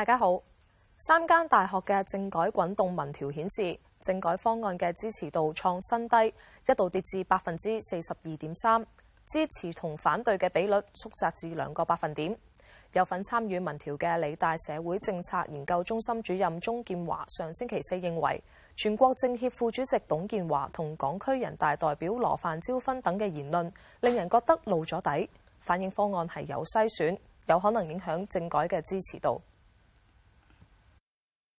大家好，三間大學嘅政改滾動民調顯示，政改方案嘅支持度創新低，一度跌至百分之四十二點三，支持同反對嘅比率縮窄至兩個百分點。有份參與民調嘅理大社會政策研究中心主任鍾健華上星期四認為，全國政協副主席董建華同港區人大代表羅范椒芬等嘅言論，令人覺得露咗底，反映方案係有篩選，有可能影響政改嘅支持度。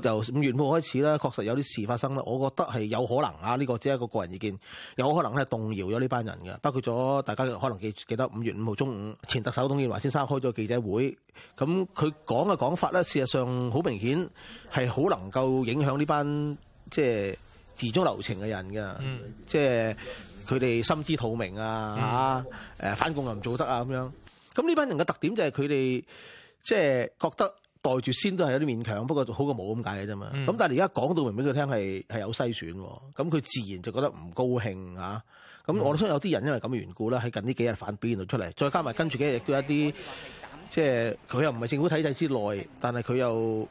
就五月五號開始咧，確實有啲事發生啦。我覺得係有可能啊，呢、呢個只係一個個人意見，有可能咧動搖咗呢班人嘅，包括咗大家可能記記得五月五號中午，前特首董建華先生開咗記者會，咁佢講嘅講法咧，事實上好明顯係好能夠影響呢班即係自忠流情嘅人㗎，即係佢哋心知肚明啊嚇，誒、嗯、反共又唔做得啊咁樣。咁呢班人嘅特點就係佢哋即係覺得。袋住先都係有啲勉強，不過好過冇咁解嘅啫嘛。咁、嗯、但係而家講到明俾佢聽係係有篩選，咁佢自然就覺得唔高興啊。咁、嗯、我相信有啲人因為咁嘅緣故啦，喺近呢幾日反表現到出嚟，再加埋跟住幾日亦都一啲，即係佢又唔係政府體制之內，但係佢又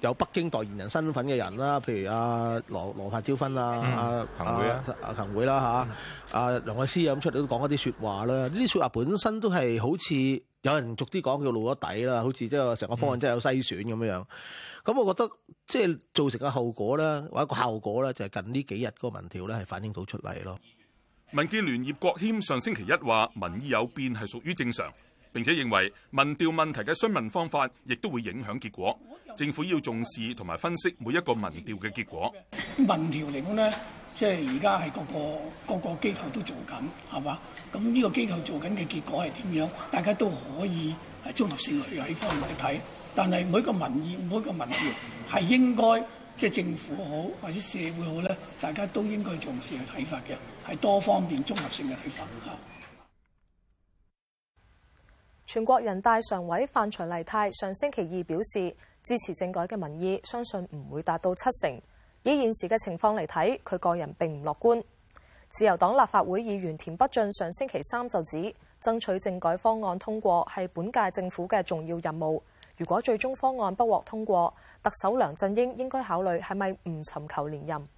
有北京代言人身份嘅人啦，譬如阿羅范椒芬啊、阿阿阿行會啦阿梁愛詩啊咁出嚟都講一啲説話啦。呢啲説話本身都係好似。有人逐啲講叫露咗底啦，好似即係成個方案真係有篩選咁樣樣。咁我覺得即係、就是、造成嘅後果咧，或者一個效果咧，就係近呢幾日個民調咧係反映到出嚟咯。民建聯葉國謙上星期一話民意有變係屬於正常，並且認為民調問題嘅詢問方法亦都會影響結果。政府要重視同埋分析每一個民調嘅結果。民調嚟講咧。即係而家係各個各個機構都做緊，係嘛？咁呢個機構做緊嘅結果係點樣？大家都可以係綜合性去喺方面去睇。但係每個民意、每個民意，係應該即係政府好或者社會好咧，大家都應該重視去睇法嘅，係多方面綜合性嘅睇法嘅。全國人大常委范徐麗泰上星期二表示，支持政改嘅民意相信唔會達到七成。以現時嘅情況嚟睇，佢個人並唔樂觀。自由黨立法會議員田北俊上星期三就指，爭取政改方案通過係本屆政府嘅重要任務。如果最終方案不獲通過，特首梁振英應該考慮係咪唔尋求連任。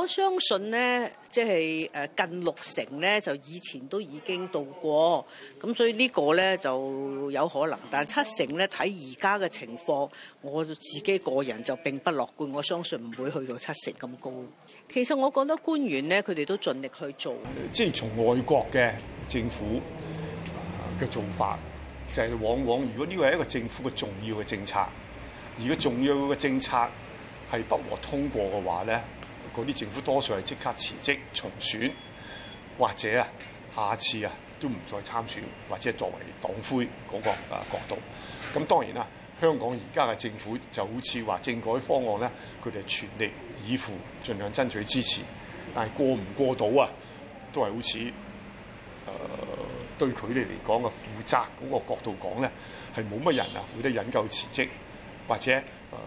我相信咧，即係誒，近六成咧就以前都已經到過，咁所以呢個咧就有可能。但七成咧，睇而家嘅情況，我自己個人就並不樂觀。我相信唔會去到七成咁高。其實我覺得官員咧，佢哋都盡力去做。即係從外國嘅政府嘅做法，就係往往如果呢個係一個政府嘅重要嘅政策，如果重要嘅政策係不獲通過嘅話咧，嗰啲政府多數係即刻辭職重選，或者啊，下次啊都唔再參選，或者作為黨魁嗰個啊角度。咁當然啦，香港而家嘅政府就好似話政改方案咧，佢哋全力以赴，盡量爭取支持。但係過唔過得到啊，都係好似誒、呃、對佢哋嚟講嘅負責嗰個角度講咧，係冇乜人啊，會得引咎辭職或者誒、呃、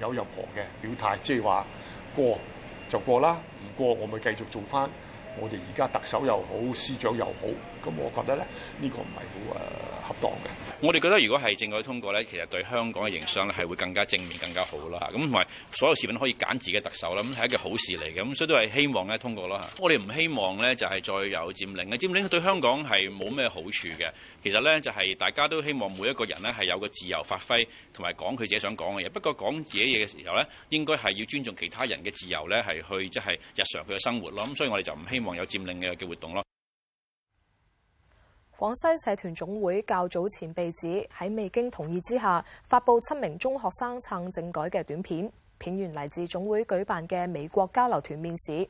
有任何嘅表態，即係話過。就過啦，唔過我咪繼續做翻。我哋而家特首又好，司長又好，咁我覺得咧，呢個唔係好誒恰當嘅。我哋覺得如果係政改通過咧，其實對香港嘅營商咧係會更加正面、更加好啦嚇。咁同埋所有市民可以揀自己特首啦，咁係一件好事嚟嘅。咁所以都係希望咧通過啦吓，我哋唔希望咧就係再有佔領嘅佔領對香港係冇咩好處嘅。其實咧就係大家都希望每一個人咧係有個自由發揮同埋講佢自己想講嘅嘢。不過講自己嘢嘅時候咧，應該係要尊重其他人嘅自由咧，係去即係日常佢嘅生活咯。咁所以我哋就唔希望希望有佔領嘅嘅活動咯。廣西社團總會較早前被指喺未經同意之下發佈七名中學生撐政改嘅短片，片源嚟自總會舉辦嘅美國交流團面試。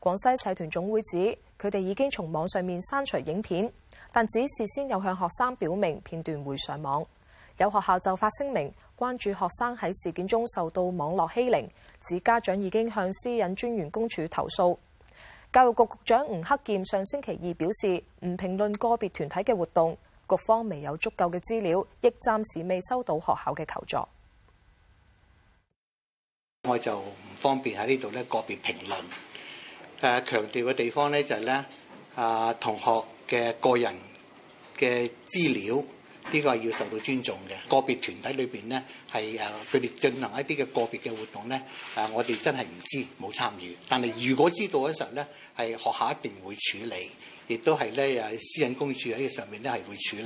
廣西社團總會指佢哋已經從網上面刪除影片，但指事先有向學生表明片段會上網。有學校就發聲明關注學生喺事件中受到網絡欺凌，指家長已經向私隱專員公署投訴。教育局局長吳克儉上星期二表示，唔評論個別團體嘅活動，局方未有足夠嘅資料，亦暫時未收到學校嘅求助。我就唔方便喺呢度咧個別評論。誒，強調嘅地方咧就係咧，啊，同學嘅個人嘅資料。呢個係要受到尊重嘅，個別團體裏邊咧係誒佢哋進行一啲嘅個別嘅活動咧，誒我哋真係唔知冇參與，但係如果知道嘅時候咧係學校一定會處理，亦都係咧誒私隱公署喺上面咧係會處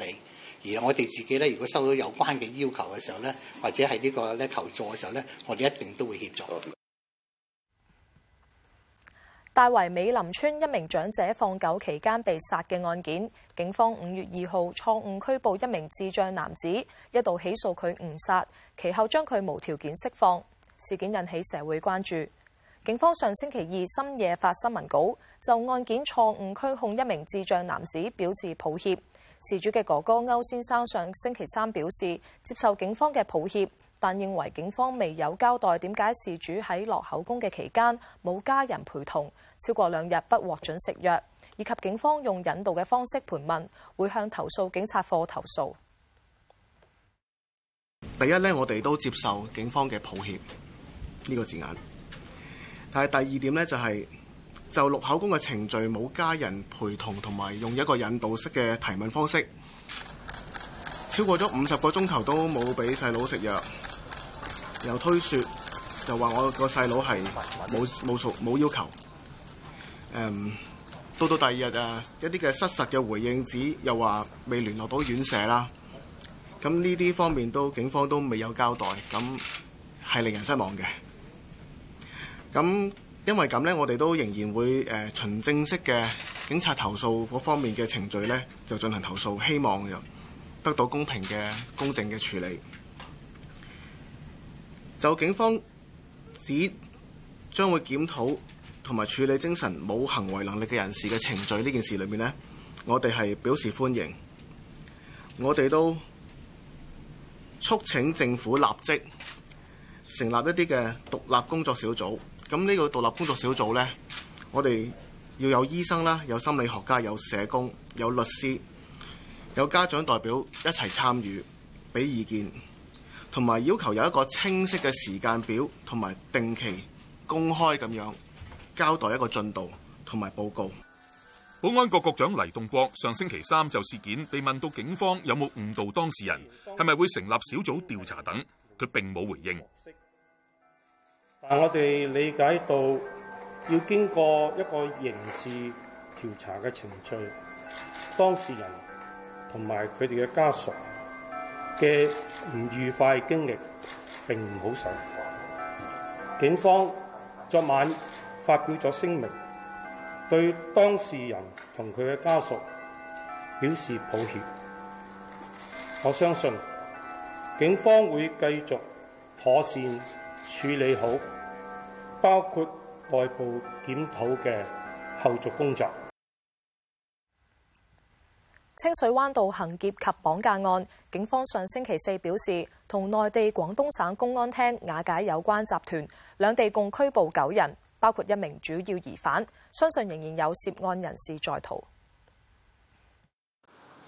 理，而我哋自己咧如果收到有關嘅要求嘅時候咧，或者係呢個咧求助嘅時候咧，我哋一定都會協助。大圍美林村一名長者放狗期間被殺嘅案件，警方五月二號錯誤拘捕一名智障男子，一度起訴佢誤殺，其後將佢無條件釋放。事件引起社會關注，警方上星期二深夜發新聞稿就案件錯誤拘控一名智障男子表示抱歉。事主嘅哥哥歐先生上星期三表示接受警方嘅抱歉。但認為警方未有交代點解事主喺落口供嘅期間冇家人陪同，超過兩日不獲准食藥，以及警方用引導嘅方式盤問，會向投訴警察課投訴。第一呢，我哋都接受警方嘅抱歉呢、呢個字眼，但係第二點呢、就係，就係就落口供嘅程序冇家人陪同，同埋用一個引導式嘅提問方式，超過咗五十個鐘頭都冇俾細佬食藥。又推又說弟弟，就話我個細佬係冇冇要求。嗯、到到第二日啊，一啲嘅失實嘅回應指，指又話未聯絡到院舍啦。咁呢啲方面都警方都未有交代，咁係令人失望嘅。咁因為咁呢，我哋都仍然會誒、呃、循正式嘅警察投訴嗰方面嘅程序呢，就進行投訴，希望得到公平嘅公正嘅處理。就警方指將會檢討同埋處理精神冇行為能力嘅人士嘅程序。呢件事裏面呢，我哋係表示歡迎。我哋都促請政府立即成立一啲嘅獨立工作小組。咁呢個獨立工作小組呢，我哋要有醫生啦，有心理學家，有社工，有律師，有家長代表一齊參與，俾意見。同埋要求有一個清晰嘅時間表，同埋定期公開咁樣交代一個進度，同埋報告。保安局局長黎棟國上星期三就事件被問到警方有冇誤導當事人，係咪會成立小組調查等，佢並冇回應。但我哋理解到要經過一個刑事調查嘅程序，當事人同埋佢哋嘅家屬嘅唔愉快經歷並唔好受。警方昨晚發表咗聲明，對當事人同佢嘅家屬表示抱歉。我相信警方會繼續妥善處理好，包括內部檢討嘅後續工作。清水灣道行劫及綁架案，警方上星期四表示，同內地廣東省公安廳瓦解有關集團，兩地共拘捕九人，包括一名主要疑犯，相信仍然有涉案人士在逃。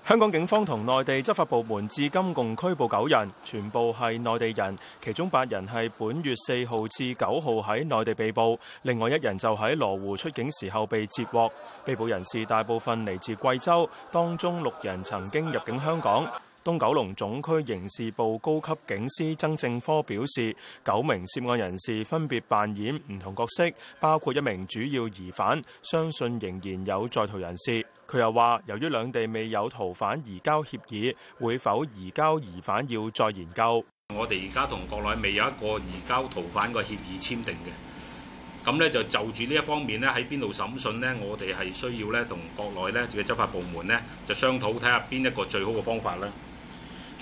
香港警方同內地執法部門至今共拘捕九人，全部係內地人，其中八人係本月四號至九號喺內地被捕，另外一人就喺羅湖出境時候被截獲。被捕人士大部分嚟自貴州，當中六人曾經入境香港。東九龍總區刑事部高級警司曾正科表示，九名涉案人士分別扮演唔同角色，包括一名主要疑犯。相信仍然有在逃人士。佢又話，由於兩地未有逃犯移交協議，會否移交疑犯要再研究。我哋而家同國內未有一個移交逃犯個協議簽訂嘅，咁咧就就住呢一方面咧，喺邊度審訊呢？我哋係需要咧同國內咧嘅執法部門呢，就商討，睇下邊一個最好嘅方法咧。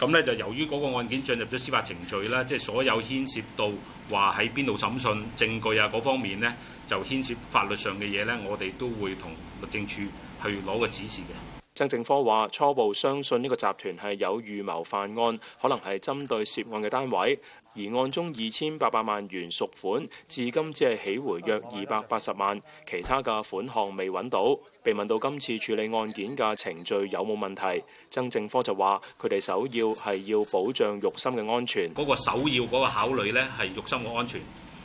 咁呢，就由於嗰個案件進入咗司法程序啦，即係所有牽涉到話喺邊度審訊、證據啊嗰方面呢，就牽涉法律上嘅嘢呢。我哋都會同律政處去攞個指示嘅。曾正科話：初步相信呢個集團係有預謀犯案，可能係針對涉案嘅單位。而案中二千八百萬元贖款，至今只係起回約二百八十萬，其他嘅款項未揾到。被問到今次處理案件嘅程序有冇問題，曾正科就話：佢哋首要係要保障肉心嘅安全。嗰個首要嗰個考慮呢，係肉心嘅安全。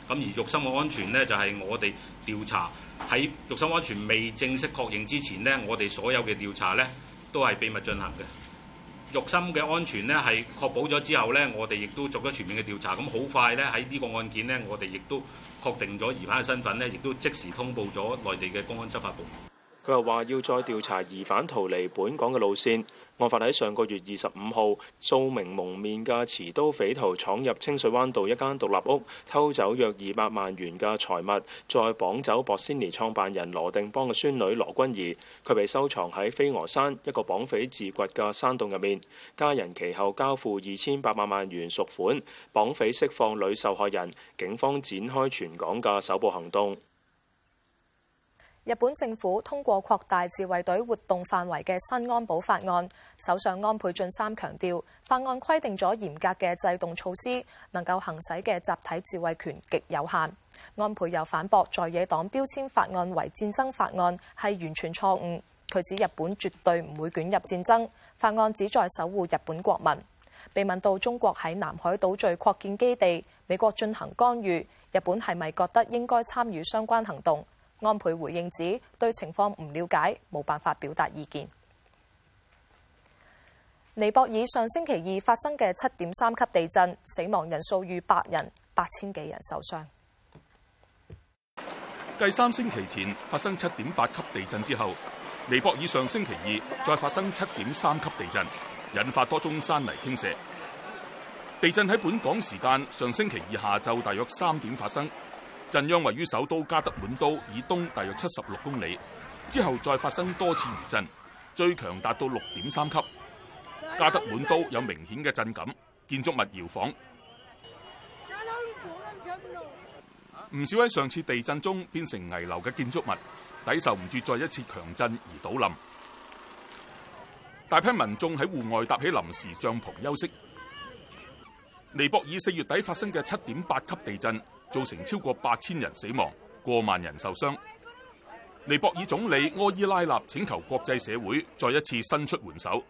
咁而肉心嘅安全呢，就係我哋調查，喺肉心安全未正式確認之前呢，我哋所有嘅調查呢都係秘密進行嘅。肉心嘅安全呢，係確保咗之後呢，我哋亦都做咗全面嘅調查。咁好快呢，喺呢個案件呢，我哋亦都確定咗疑犯嘅身份呢，亦都即時通報咗內地嘅公安執法部佢又話要再調查疑犯逃離本港嘅路線。案發喺上個月二十五號，數名蒙面嘅持刀匪徒闖入清水灣道一間獨立屋，偷走約二百萬元嘅財物，再綁走博先尼創辦人羅定邦嘅孫女羅君兒。佢被收藏喺飛鵝山一個綁匪自掘嘅山洞入面。家人其後交付二千八百萬元贖款，綁匪釋放女受害人。警方展開全港嘅搜捕行動。日本政府通過擴大自衛隊活動範圍嘅新安保法案，首相安倍晉三強調，法案規定咗嚴格嘅制動措施，能夠行使嘅集體自衛權極有限。安倍又反駁在野黨標籤法案為戰爭法案係完全錯誤，佢指日本絕對唔會捲入戰爭，法案旨在守護日本國民。被問到中國喺南海島嶼擴建基地，美國進行干預，日本係咪覺得應該參與相關行動？安倍回應指，對情況唔了解，冇辦法表達意見。尼泊爾上星期二發生嘅七點三級地震，死亡人數逾百人，八千幾人受傷。繼三星期前發生七點八級地震之後，尼泊爾上星期二再發生七點三級地震，引發多宗山泥傾瀉。地震喺本港時間上星期二下晝大約三點發生。震央位於首都加德滿都以東大約七十六公里，之後再發生多次餘震，最強達到六點三級。加德滿都有明顯嘅震感，建築物搖晃。唔少喺上次地震中變成危樓嘅建築物，抵受唔住再一次強震而倒冧。大批民眾喺戶外搭起臨時帳篷休息。尼泊爾四月底發生嘅七點八級地震。造成超過八千人死亡、過萬人受傷。尼泊爾總理柯伊拉納請求國際社會再一次伸出援手，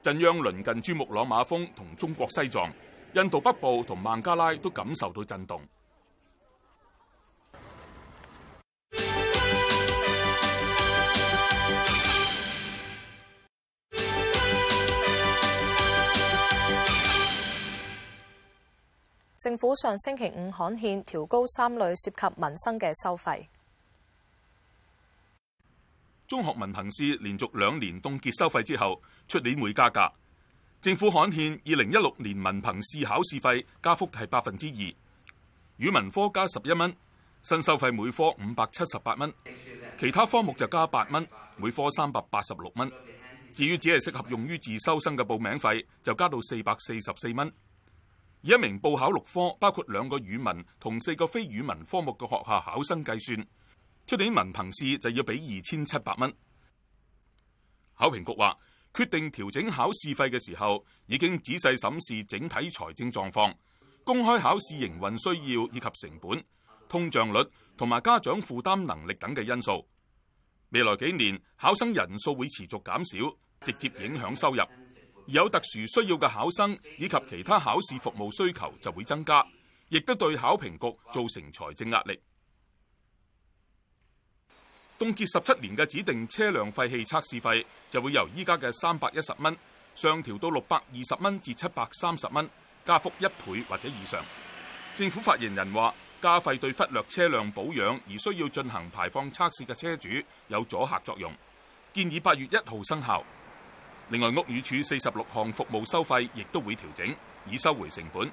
震央鄰近珠穆朗瑪峰同中國西藏、印度北部同孟加拉都感受到震動。政府上星期五刊憲，調高三類涉及民生嘅收費。中學文憑試連續兩年凍結收費之後，出年會加價。政府刊憲，二零一六年文憑試考試費加幅係百分之二，語文科加十一蚊，新收費每科五百七十八蚊，其他科目就加八蚊，每科三百八十六蚊。至於只係適合用於自修生嘅報名費，就加到四百四十四蚊。以一名報考六科，包括兩個語文同四個非語文科目嘅學校考生計算，出年文憑試就要俾二千七百蚊。考評局話，決定調整考試費嘅時候，已經仔細審視整體財政狀況、公開考試營運需要以及成本、通脹率同埋家長負擔能力等嘅因素。未來幾年考生人數會持續減少，直接影響收入。有特殊需要嘅考生以及其他考試服務需求就會增加，亦都對考評局造成財政壓力。凍結十七年嘅指定車輛廢氣測試費就會由依家嘅三百一十蚊上調到六百二十蚊至七百三十蚊，加幅一倍或者以上。政府發言人話：加費對忽略車輛保養而需要進行排放測試嘅車主有阻嚇作用，建議八月一號生效。另外，屋宇署四十六項服務收費亦都會調整，以收回成本。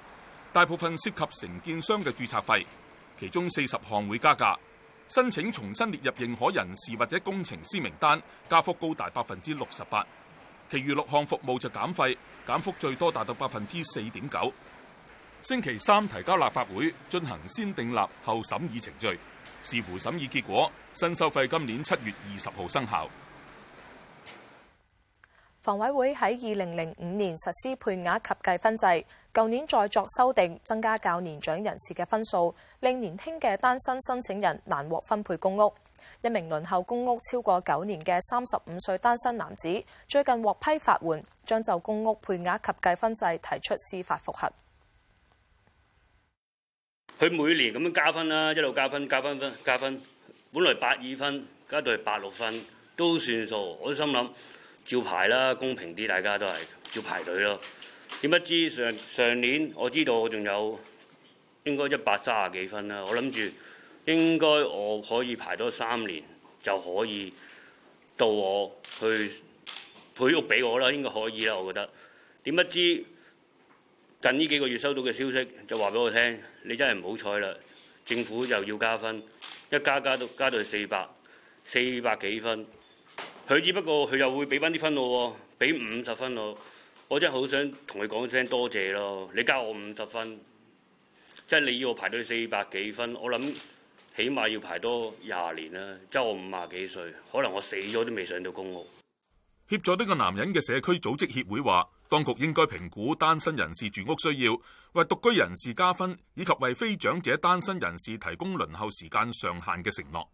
大部分涉及承建商嘅註冊費，其中四十項會加價，申請重新列入認可人士或者工程師名單，加幅高達百分之六十八。其餘六項服務就減費，減幅最多達到百分之四點九。星期三提交立法會進行先訂立後審議程序，視乎審議結果，新收費今年七月二十號生效。房委會喺二零零五年實施配額及計分制，舊年再作修訂，增加較年長人士嘅分數，令年輕嘅單身申請人難獲分配公屋。一名輪候公屋超過九年嘅三十五歲單身男子，最近獲批法援，將就公屋配額及計分制提出司法複核。佢每年咁樣加分啦，一路加分，加分分，加分，本嚟八二分，加到嚟八六分，都算數。我都心諗。照排啦，公平啲，大家都係照排隊咯。點不知上上年我知道我仲有應該一百三十幾分啦，我諗住應該我可以排多三年就可以到我去配屋俾我啦，應該可以啦，我覺得。點不知近呢幾個月收到嘅消息就話俾我聽，你真係唔好彩啦，政府又要加分，一加加到加到四百四百幾分。佢只不過佢又會俾翻啲分咯，俾五十分咯，我真係好想同佢講聲多謝咯。你加我五十分，即係你要我排到四百幾分，我諗起碼要排多廿年啦。即係我五廿幾歲，可能我死咗都未上到公屋。協助呢個男人嘅社區組織協會話，當局應該評估單身人士住屋需要，為獨居人士加分，以及為非長者單身人士提供輪候時間上限嘅承諾。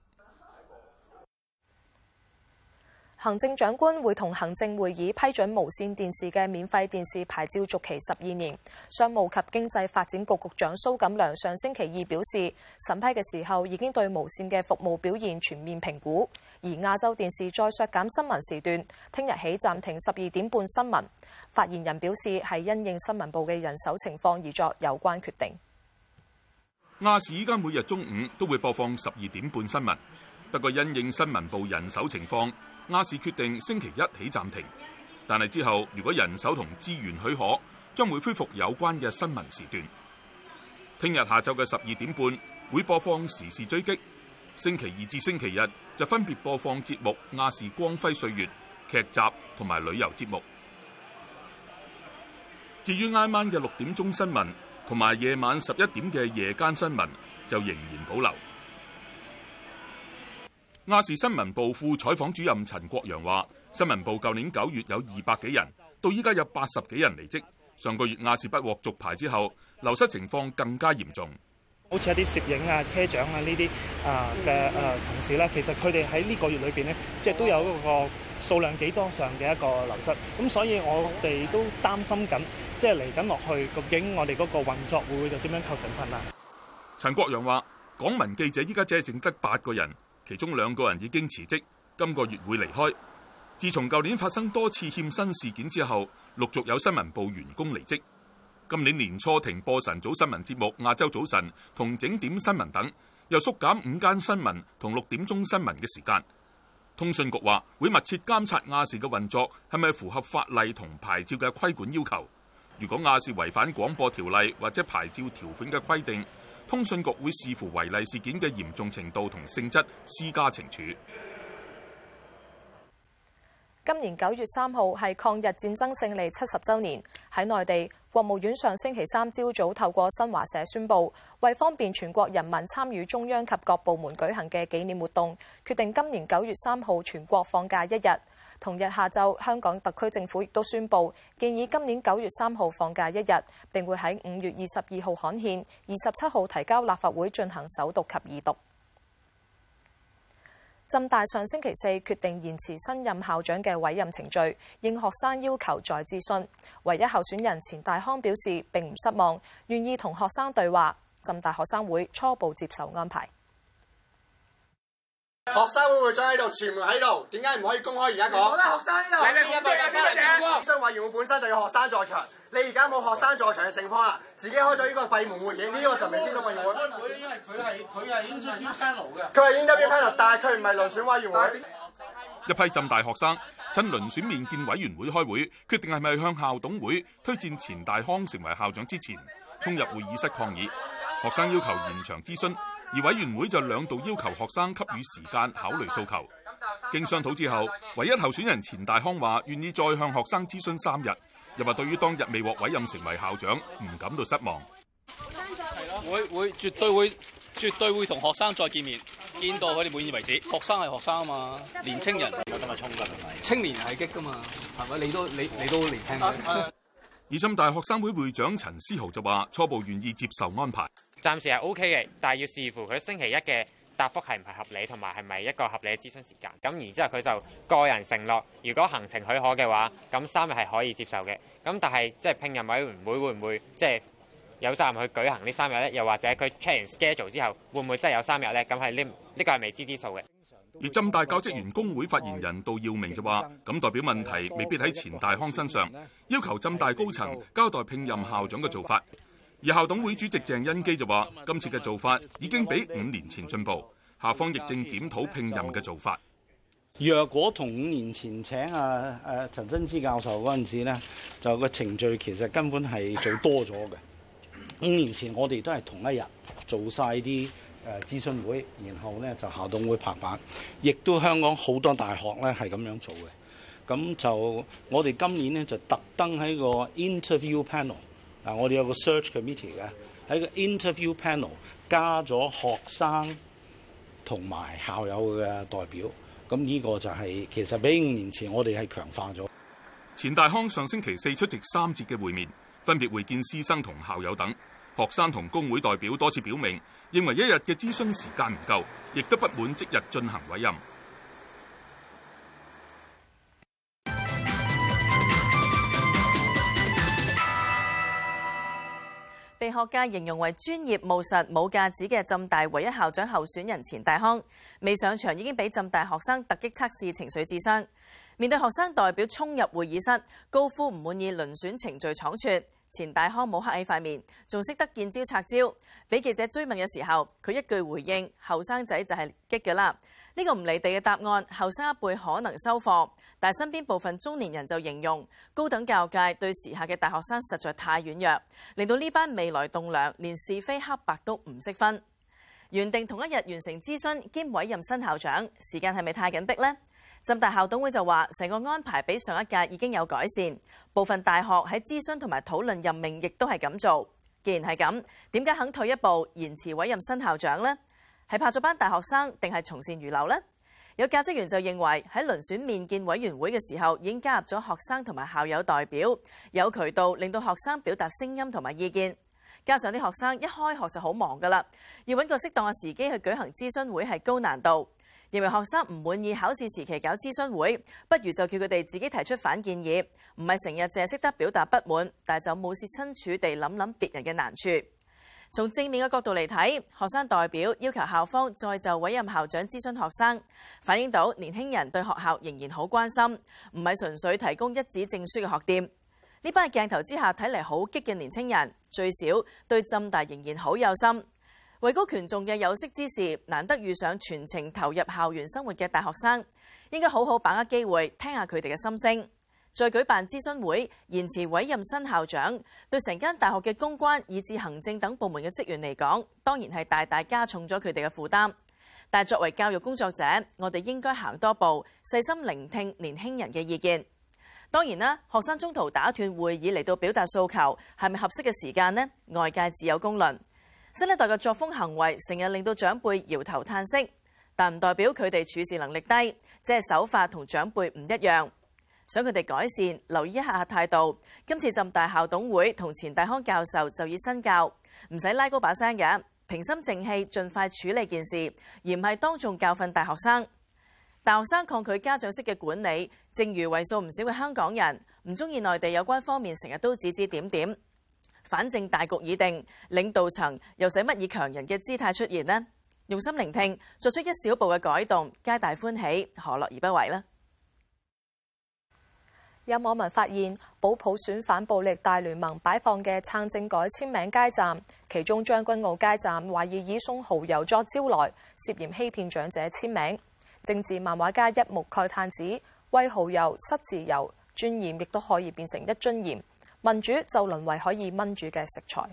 行政長官會同行政會議批准無線電視嘅免費電視牌照續期十二年。商務及經濟發展局局長蘇錦樑上星期二表示，審批嘅時候已經對無線嘅服務表現全面評估。而亞洲電視再削減新聞時段，聽日起暫停十二點半新聞。發言人表示，係因應新聞部嘅人手情況而作有關決定。亞視依家每日中午都會播放十二點半新聞，不過因應新聞部人手情況。亞視決定星期一起暫停，但係之後，如果人手同資源許可，將會恢復有關嘅新聞時段。聽日下晝嘅十二點半會播放時事追擊，星期二至星期日就分別播放節目《亞視光輝歲月》劇集同埋旅遊節目。至於挨晚嘅六點鐘新聞同埋夜晚十一點嘅夜間新聞就仍然保留。亞視新聞部副採訪主任陳國陽話：新聞部舊年九月有二百幾人，到依家有八十幾人離職。上個月亞視不獲續牌之後，流失情況更加嚴重。好似一啲攝影啊、車長啊呢啲啊嘅誒同事咧，其實佢哋喺呢個月裏邊咧，即係都有一個數量幾多上嘅一個流失。咁所以，我哋都擔心緊，即係嚟緊落去，究竟我哋嗰個運作會會又點樣構成困難？陳國陽話：港文記者依家只係剩得八個人。其中兩個人已經辭職，今個月會離開。自從舊年發生多次欠薪事件之後，陸續有新聞部員工離職。今年年初停播晨早新聞節目《亞洲早晨》同整點新聞等，又縮減五間新聞同六點鐘新聞嘅時間。通訊局話會密切監察亞視嘅運作係咪符合法例同牌照嘅規管要求。如果亞視違反廣播條例或者牌照條款嘅規定，通訊局會視乎違例事件嘅嚴重程度同性質施加懲處。今年九月三號係抗日戰爭勝利七十週年，喺內地，國務院上星期三朝早透過新華社宣布，為方便全國人民參與中央及各部門舉行嘅紀念活動，決定今年九月三號全國放假一日。同日下晝，香港特區政府亦都宣布，建議今年九月三號放假一日，並會喺五月二十二號刊憲，二十七號提交立法會進行首讀及二讀。浸大上星期四決定延遲新任校長嘅委任程序，應學生要求再諮詢。唯一候選人錢大康表示並唔失望，願意同學生對話。浸大學生會初步接受安排。學生會會長喺度，全部喺度，點解唔可以公開而家講？學學生呢度邊一百人邊有諮詢委員會本身就有學生在場，你而家冇學生在場嘅情況啦，自己開咗呢個閉門會議，呢個就未知數嘅。佢因為佢係佢係英 W T 嘅，佢係英 W 但係佢唔係輪選委員會。一批浸大學生趁輪選面見委員會開會，決定係咪向校董會推薦錢大康成為校長之前，衝入會議室抗議。學生要求延長諮詢，而委員會就兩度要求學生給予時間考慮訴求。經商討之後，唯一候選人錢大康話願意再向學生諮詢三日，又話對於當日未獲委任成為校長唔感到失望。會會絕對會絕對會同學生再見面，見到佢哋滿意為止。學生係學生啊嘛，年青人而家咁咪衝㗎係咪？青年係激㗎嘛，係咪？你都你你都年輕。二森大學生會會長陳思豪就話初步願意接受安排，暫時係 O K 嘅，但係要視乎佢星期一嘅答覆係唔係合理，同埋係咪一個合理嘅諮詢時間。咁然之後佢就個人承諾，如果行程許可嘅話，咁三日係可以接受嘅。咁但係即係聘任委員會會唔會即係有責任去舉行呢三日咧？又或者佢 check 完 schedule 之後會唔會真係有三日咧？咁係呢呢個係未知之數嘅。而浸大教職員工會發言人杜耀明就話，咁代表問題未必喺錢大康身上，要求浸大高層交代聘任校長嘅做法。而校董會主席鄭恩基就話，今次嘅做法已經比五年前進步，校方亦正檢討聘任嘅做法。若果同五年前請阿、啊、誒、啊、陳新滋教授嗰陣時呢，就個程序其實根本係做多咗嘅。五年前我哋都係同一日做晒啲。誒，諮詢會，然後咧就校董會拍板，亦都香港好多大學咧係咁樣做嘅。咁就我哋今年呢，就特登喺個 interview panel，嗱，我哋有個 search committee 嘅，喺個 interview panel 加咗學生同埋校友嘅代表。咁呢個就係、係、其實比五年前我哋係強化咗。錢大康上星期四出席三節嘅會面，分別會見師生同校友等。學生同工會代表多次表明，認為一日嘅諮詢時間唔夠，亦都不滿即日進行委任。被學界形容為專業務實、冇架子嘅浸大唯一校長候選人錢大康，未上場已經俾浸大學生突擊測試情緒智商。面對學生代表衝入會議室，高呼唔滿意遴選程序草率。前大康冇黑起塊面，仲識得見招拆招。俾記者追問嘅時候，佢一句回應：後生仔就係激噶啦。呢個唔離地嘅答案，後生一輩可能收貨，但係身邊部分中年人就形容高等教育界對時下嘅大學生實在太軟弱，令到呢班未來棟樑連是非黑白都唔識分。原定同一日完成諮詢兼委任新校長，時間係咪太緊迫呢？浸大校董會就話：成個安排比上一屆已經有改善，部分大學喺諮詢同埋討論任命，亦都係咁做。既然係咁，點解肯退一步延遲委任新校長呢？係怕咗班大學生，定係從善如流呢？有教職員就認為喺遴選面見委員會嘅時候已經加入咗學生同埋校友代表，有渠道令到學生表達聲音同埋意見。加上啲學生一開學就好忙㗎喇，要搵個適當嘅時機去舉行諮詢會係高難度。認為學生唔滿意考試時期搞諮詢會，不如就叫佢哋自己提出反建議，唔係成日淨係識得表達不滿，但係就冇設身處地諗諗別人嘅難處。從正面嘅角度嚟睇，學生代表要求校方再就委任校長諮詢學生，反映到年輕人對學校仍然好關心，唔係純粹提供一紙證書嘅學店。呢班鏡頭之下睇嚟好激嘅年輕人，最少對浸大仍然好有心。位高權重嘅有識之士，難得遇上全程投入校園生活嘅大學生，應該好好把握機會，聽下佢哋嘅心聲。再舉辦諮詢會，延遲委任新校長，對成間大學嘅公關以至行政等部門嘅職員嚟講，當然係大大加重咗佢哋嘅負擔。但作為教育工作者，我哋應該行多步，細心聆聽年輕人嘅意見。當然啦，學生中途打斷會議嚟到表達訴求，係咪合適嘅時間呢？外界自有公論。新一代嘅作風行為，成日令到長輩搖頭嘆息，但唔代表佢哋處事能力低，即係手法同長輩唔一樣。想佢哋改善，留意一下一下態度。今次浸大校董會同錢大康教授就以身教，唔使拉高把聲嘅，平心靜氣盡快處理件事，而唔係當眾教訓大學生。大學生抗拒家長式嘅管理，正如為數唔少嘅香港人唔中意內地有關方面成日都指指點點。反正大局已定，領導層又使乜以強人嘅姿態出現呢？用心聆聽，作出一小步嘅改動，皆大歡喜，何樂而不為呢？有網民發現，保普選反暴力大聯盟擺放嘅撐政改簽名街站，其中將軍澳街站懷疑以送蠔油作招來，涉嫌欺騙長者簽名。政治漫畫家一目慨嘆指，威蠔油、失自由，尊嚴亦都可以變成一樽鹽。民主就淪為可以炆煮嘅食材。